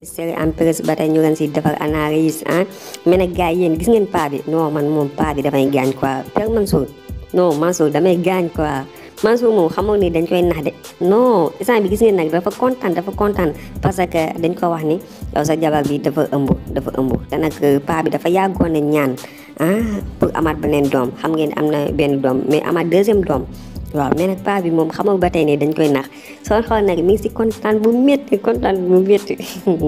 sele en presse ba tey ñu leen si defar analyse ah mais nag gars yi yéen gis ngeen paa bi non man moom paa bi damay gaañ quoi Père Mansour non Mansour damay gaañ quoi Mansour moom xamoon ni dañ koy nax de non instant bi gis ngeen nag dafa kontaan dafa kontaan parce que dañ ko wax ni yow sa jabar bi dafa ëmb dafa ëmb te nag euh, paa bi dafa yàggoon a ñaan ah pour amaat beneen doom xam ngeen am na benn doom mais amaat deuxième doom waaw mais nag paa bi moom xamal ba tey nii dañ koy nax soo xool nag mi ngi si kontaan bu métti kontaan bu métti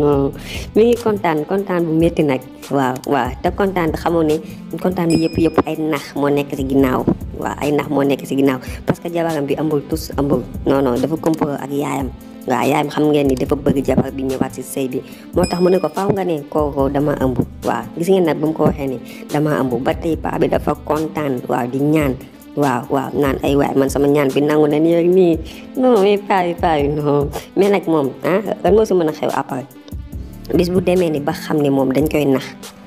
mi kontaan kontaan bu métti nag waaw waaw te kontaan bi xamoo ne kontaan bi yëpp yëpp ay nax moo nekk ci ginnaaw waaw ay nax moo nekk si ginnaaw parce que jabaram bi ambul tous ambul non dafa complot ak yaayam waaw yaayam xam ngeen ni dafa bëgg jabar bi ñëwaat si sëy bi moo tax mu ne ko faaw nga ne kooko dama ëmb waaw gis ngeen nag ba mu ko waxee ne dama ëmb ba tey paa bi dafa kontaan waaw di ñaan waaw waaw naan ay waay man sama ñaan bi nangu na nii ak nii non mais paay paay non mais nag moom ah lan mën a xew après bis bu demee ni ba xam ne moom dañ koy nax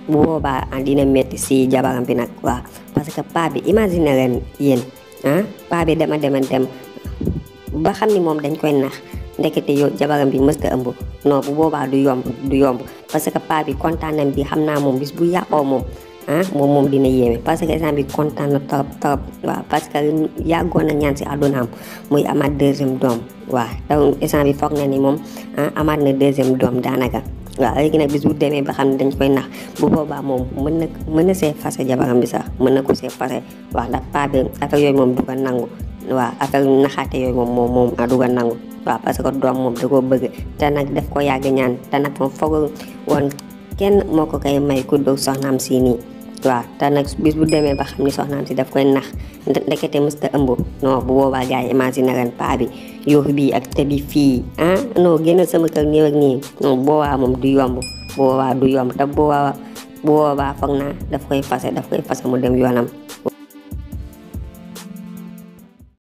bu boobaa dina métti si jabaram bi nag waaw parce que paa bi imagine leen yéen ah paa bi dema dema dem ba xam ni moom dañ koy nax ndekete yow jabaram bi mësta ëmb non bu boobaa du yomb du yomb parce que paa bi kontaanam bi xam naa moom bis bu yàqoo moom ah moom moom dina yéeme parce que exemple bi kontaan na trop trop parce que yàggoon na ñaan si àddunaam muy amaat deuxième doom waaw taw exemple foog na ni moom ah amaat na deuxième doom daanaka waaw léegi bu demee ba xam ne dañ koy nax bu boobaa moom mën na mën na see fase jabaram bi mën na ko see fase waaw ndax paa bi affaire yooyu moom du moom moom moom du ko nangu waaw parce que doom moom da koo bëgg te nag def ko yàgg ñaan te nag moom foog woon kenn moo ko koy may ku dul soxnaam si nii waaw te nag bis bu demee ba xam ni soxnaam si daf koy nax ndekete mës ta ëmb non bu boobaa gars yi imaginer ren paa bi bii ak te bi fii ah non sama kër nii ak nii non bu moom du yomb bu boobaa du yomb ta bu boobaa bu boobaa foog naa daf koy fase daf koy fase mu dem yoonam